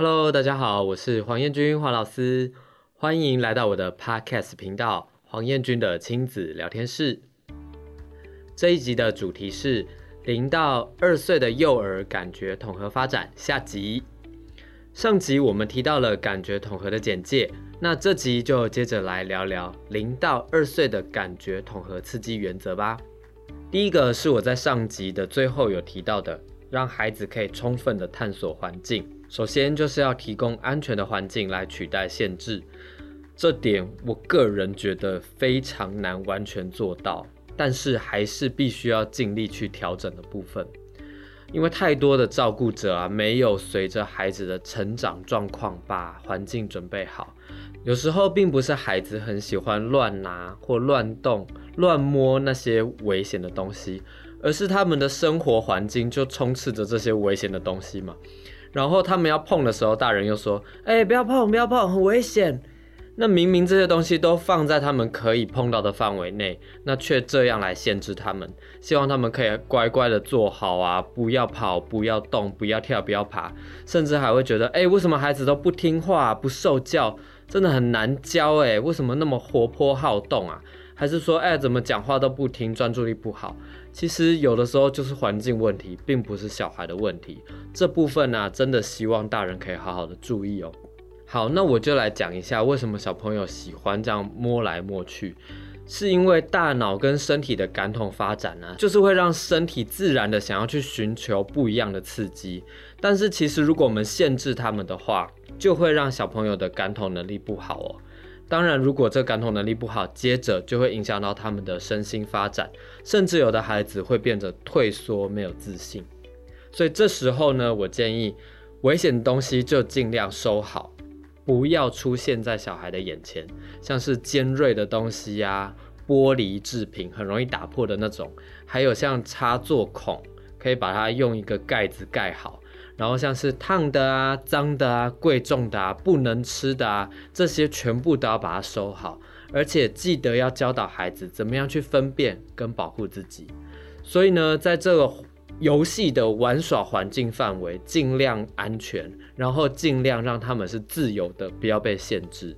Hello，大家好，我是黃彥均，黃老師，歡迎來到我的 Podcast 頻道黃彥均的親子聊天室。這一集的主題是零到二歲的幼兒感覺統合發展下集。上集我們提到了感覺統合的簡介，那這集就接着來聊聊零到二歲的感覺統合刺激原則吧。第一個是我在上集的最後有提到的，讓孩子可以充分的探索環境。首先就是要提供安全的環境來取代限制，這點我個人覺得非常難完全做到，但是還是必須要盡力去調整的部分。因為太多的照顧者啊，沒有隨着孩子的成長狀況把環境準備好，有時候並不是孩子很喜歡亂拿或亂動、亂摸那些危險的東西，而是他們的生活環境就充斥着這些危險的東西嘛。然後他們要碰的時候，大人又說：“哎，不要碰，不要碰，很危險。”那明明這些東西都放在他們可以碰到的範圍內，那卻這樣來限制他們，希望他們可以乖乖地坐好啊，不要跑，不要動，不要跳，不要爬，甚至還會覺得：“哎，為什麼孩子都不聽話，不受教，真的很難教。哎，為什麼那麼活潑好動啊？還是說，哎，怎麼講話都不聽，專注力不好？”其實有的時候就是環境問題，並不是小孩的問題。這部分呢，真的希望大人可以好好的注意哦。好，那我就來講一下為什麼小朋友喜歡這樣摸來摸去，是因為大腦跟身體的感統發展呢，就是會讓身體自然的想要去尋求不一樣的刺激。但是其實如果我們限制他們的話，就會讓小朋友的感統能力不好哦。當然，如果這感統能力不好，接着就會影響到他們的身心發展，甚至有的孩子會變得退縮、沒有自信。所以這時候呢，我建議，危險的東西就盡量收好，不要出現在小孩的眼前，像是尖銳的東西呀、啊、玻璃制品，很容易打破的那種，還有像插座孔，可以把它用一個蓋子蓋好。然後像是燙的啊、髒的啊、貴重的啊、不能吃的啊，這些全部都要把它收好，而且記得要教導孩子怎麼樣去分辨跟保護自己。所以呢，在這個遊戲的玩耍環境範圍，盡量安全，然後盡量讓他們是自由的，不要被限制。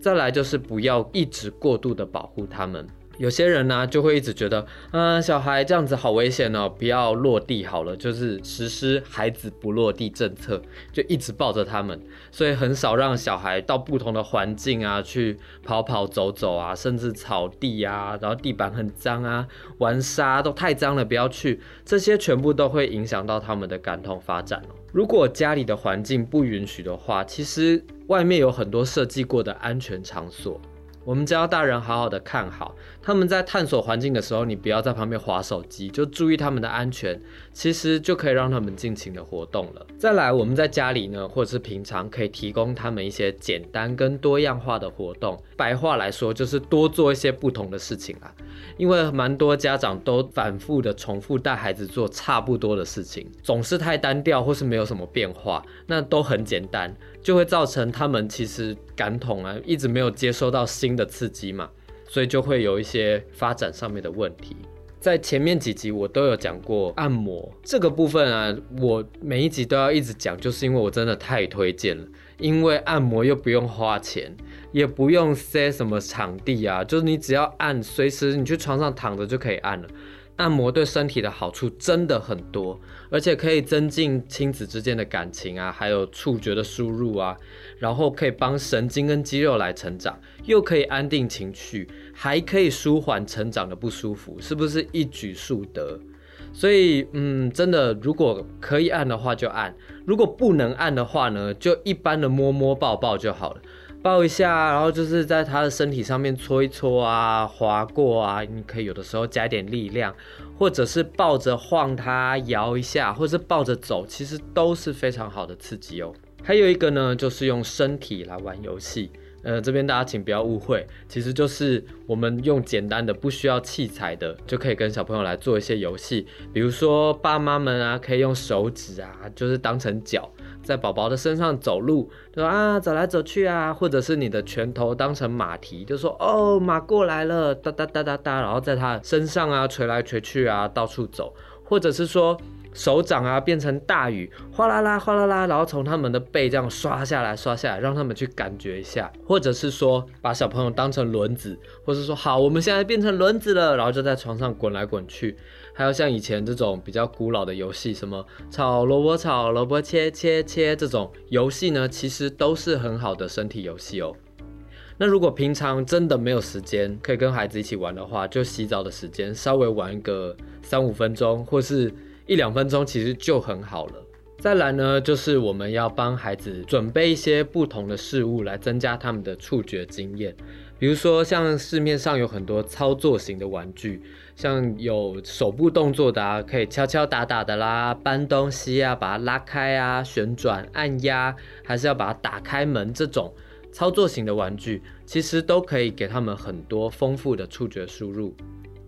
再來就是不要一直過度的保護他們。有些人呢、啊、就會一直覺得，嗯、呃，小孩這樣子好危險哦，不要落地好了，就是實施孩子不落地政策，就一直抱着他們，所以很少讓小孩到不同的環境啊去跑跑走走啊，甚至草地啊，然後地板很髒啊，玩沙都太髒了，不要去，這些全部都會影響到他們的感統發展哦。如果家裡的環境不允許的話，其實外面有很多設計過的安全場所。我們只要大人好好的看好，他們在探索環境的時候，你不要在旁邊滑手機，就注意他們的安全，其實就可以讓他們盡情的活動了。再來，我們在家裡呢，或者是平常可以提供他們一些簡單跟多樣化的活動，白話來說就是多做一些不同的事情啊。因為蠻多家長都反復的重複帶孩子做差不多的事情，總是太單調或是沒有什麼變化，那都很簡單。就會造成他們其實感統啊一直沒有接收到新的刺激嘛，所以就會有一些發展上面的問題。在前面幾集我都有講過按摩這個部分啊，我每一集都要一直講，就是因為我真的太推薦了，因為按摩又不用花錢，也不用塞什麼場地啊，就是你只要按，隨時你去床上躺着就可以按了。按摩對身體的好處真的很多，而且可以增進親子之間的感情啊，還有觸覺的輸入啊，然後可以幫神經跟肌肉來成長，又可以安定情緒，還可以舒緩成長的不舒服，是不是一舉數得？所以，嗯，真的，如果可以按的話就按，如果不能按的話呢，就一般的摸摸抱抱就好了。抱一下，然後就是在他的身體上面搓一搓啊，滑過啊，你可以有的時候加一點力量，或者是抱着晃他搖一下，或者是抱着走，其實都是非常好的刺激哦。還有一個呢，就是用身體來玩遊戲。呃，這邊大家請不要誤會，其實就是我們用簡單的、不需要器材的，就可以跟小朋友來做一些遊戲。比如說，爸媽們啊，可以用手指啊，就是當成腳。在寶寶的身上走路，對吧？啊，走來走去啊，或者是你的拳頭當成馬蹄，就說哦，馬過來了，噠噠噠噠噠，然後在他身上啊捶來捶去啊，到處走，或者是說。手掌啊，變成大雨，嘩啦啦，嘩啦啦，然後從他們的背這樣刷下來，刷下來，讓他們去感覺一下，或者是說把小朋友當成輪子，或者說好，我們現在變成輪子了，然後就在床上滾來滾去。還有像以前這種比較古老的遊戲，什麼炒蘿蔔、炒蘿蔔、切切切這種遊戲呢，其實都是很好的身體遊戲哦。那如果平常真的沒有時間可以跟孩子一起玩的話，就洗澡的時間稍微玩一個三五分鐘，或是。一兩分鐘其實就很好了。再來呢，就是我們要幫孩子準備一些不同的事物來增加他們的觸覺經驗，比如說像市面上有很多操作型的玩具，像有手部動作的啊，可以敲敲打打的啦，搬東西啊，把它拉開啊，旋轉、按壓，還是要把它打開門，這種操作型的玩具，其實都可以給他們很多豐富的觸覺輸入。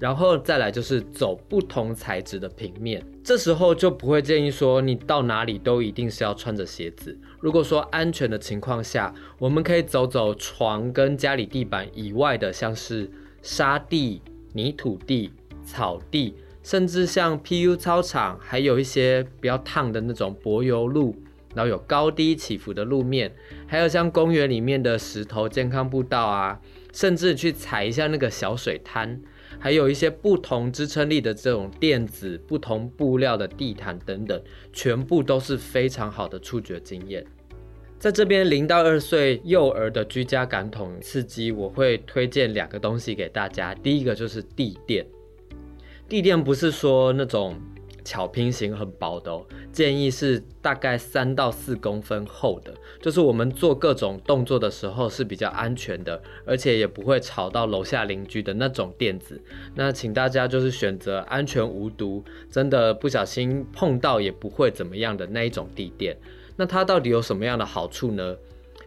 然後再來就是走不同材質的平面，這時候就不會建議說你到哪裡都一定是要穿着鞋子。如果說安全的情況下，我們可以走走床跟家裡地板以外的，像是沙地、泥土地、草地，甚至像 PU 操場，還有一些比較燙的那種柏油路，然後有高低起伏的路面，還有像公園裡面的石頭健康步道啊，甚至去踩一下那個小水灘。還有一些不同支撐力的這種墊子、不同布料的地毯等等，全部都是非常好的觸覺經驗。在這邊零到二歲幼兒的居家感統刺激，我會推薦兩個東西給大家。第一個就是地墊，地墊不是說那種。巧拼型很薄的哦，建議是大概三到四公分厚的，就是我們做各種動作的時候是比較安全的，而且也不會吵到樓下鄰居的那種墊子。那請大家就是選擇安全無毒，真的不小心碰到也不會怎麼樣的那一種地墊。那它到底有什麼樣的好處呢？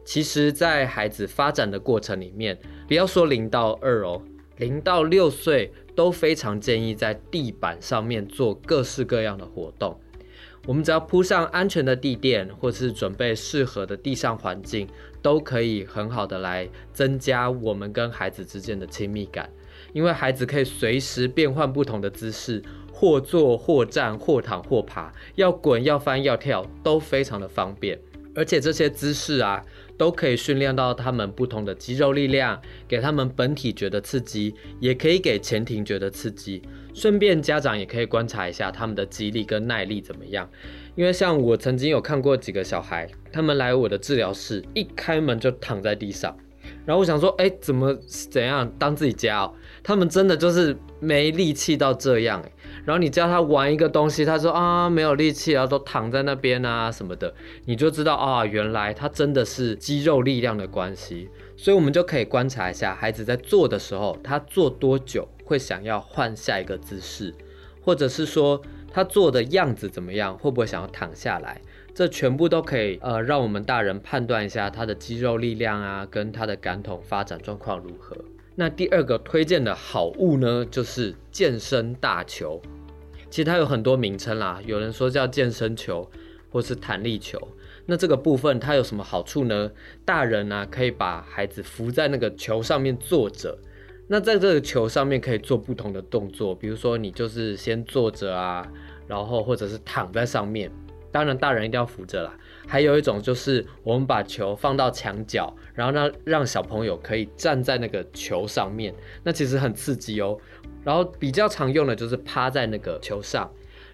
其實在孩子發展的過程裡面，不要說零到二哦。零到六歲都非常建議在地板上面做各式各樣的活動。我們只要鋪上安全的地墊，或是準備適合的地上環境，都可以很好的來增加我們跟孩子之間的親密感。因為孩子可以隨時變換不同的姿勢，或坐或站或躺或爬，要滾要翻要跳都非常的方便。而且這些姿勢啊。都可以訓練到他們不同的肌肉力量，給他們本體覺得刺激，也可以給前庭覺得刺激。順便家長也可以觀察一下他們的肌力跟耐力怎麼樣。因為像我曾經有看過幾個小孩，他們來我的治療室，一開門就躺在地上，然後我想說，哎，怎麼怎樣當自己家哦？他們真的就是沒力氣到這樣欸，然後你叫他玩一個東西，他說啊沒有力氣啊，然後都躺在那邊啊什麼的，你就知道啊，原來他真的是肌肉力量的關係。所以我們就可以觀察一下孩子在做的時候，他做多久會想要換下一個姿勢，或者是說他做的樣子怎麼樣，會不會想要躺下來，這全部都可以呃讓我們大人判斷一下他的肌肉力量啊，跟他的感統發展狀況如何。那第二個推薦的好物呢，就是健身大球。其實它有很多名稱啦，有人說叫健身球，或是彈力球。那這個部分它有什麼好處呢？大人啊可以把孩子扶在那個球上面坐着，那在這個球上面可以做不同的動作，比如說你就是先坐着啊，然後或者是躺在上面。當然，大人一定要扶着啦。還有一種就是，我們把球放到牆角，然後讓小朋友可以站在那個球上面，那其實很刺激哦。然後比較常用的就是趴在那個球上。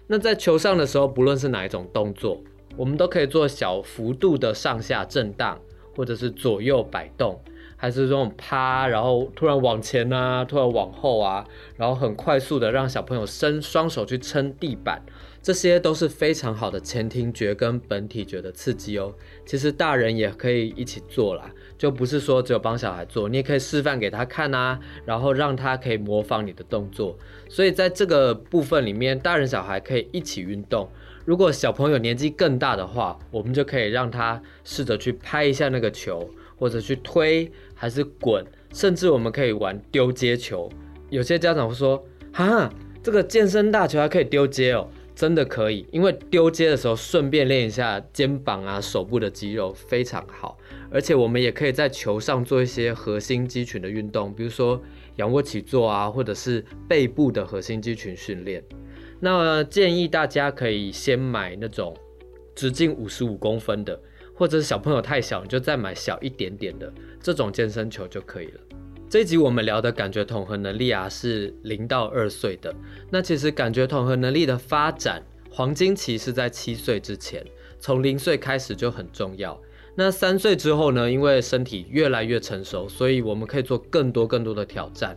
那在球上的時候，不論是哪一種動作，我們都可以做小幅度的上下震盪，或者是左右擺動，還是這種趴，然後突然往前啊，突然往後啊，然後很快速的讓小朋友伸雙手去撐地板。這些都是非常好的前庭覺跟本體覺的刺激哦。其實大人也可以一起做啦，就不是說只有幫小孩做，你也可以示範給他看啊，然後讓他可以模仿你的動作。所以在這個部分裡面，大人小孩可以一起運動。如果小朋友年紀更大的話，我們就可以讓他試着去拍一下那個球，或者去推，還是滾，甚至我們可以玩丟接球。有些家長會說，哈、啊，這個健身大球還可以丟接哦。真的可以，因為丟接的時候順便練一下肩膀啊、手部的肌肉非常好，而且我們也可以在球上做一些核心肌群的運動，比如說仰臥起坐啊，或者是背部的核心肌群訓練。那，呃，建議大家可以先買那種直徑五十五公分的，或者是小朋友太小你就再買小一點點的這種健身球就可以了。這一集我們聊的感覺統合能力啊，是零到二歲的。那其實感覺統合能力的發展黃金期是在七歲之前，從零歲開始就很重要。那三歲之後呢，因為身體越來越成熟，所以我們可以做更多更多的挑戰。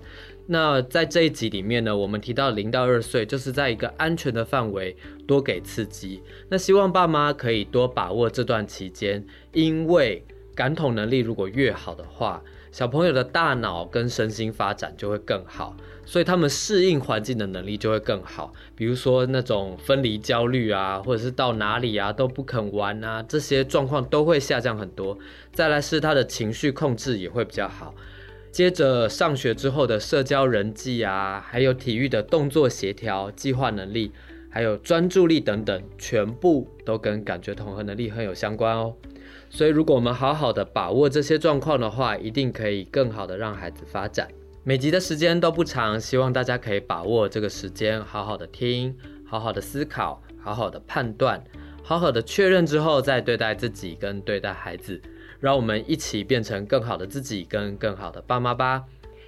那在這一集裡面呢，我們提到零到二歲就是在一個安全的範圍多給刺激。那希望爸媽可以多把握這段期間，因為感統能力如果越好的話，小朋友的大腦跟身心發展就會更好，所以他們適應環境的能力就會更好。比如說那種分離焦慮啊，或者是到哪裡啊都不肯玩啊，這些狀況都會下降很多。再來是他的情緒控制也會比較好。接着上學之後的社交人際啊，還有體育的動作協調、計劃能力，還有專注力等等，全部都跟感覺統合能力很有相關哦。所以，如果我們好好的把握這些狀況的話，一定可以更好的讓孩子發展。每集的時間都不長，希望大家可以把握這個時間，好好的聽，好好的思考，好好的判斷，好好的確認之後再對待自己跟對待孩子。讓我們一起變成更好的自己跟更好的爸媽吧！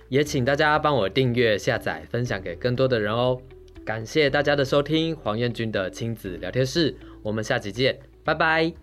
也請大家幫我訂閱、下載、分享給更多的人哦！感謝大家的收聽，黃彥鈞的親子療天室，我們下集見，拜拜。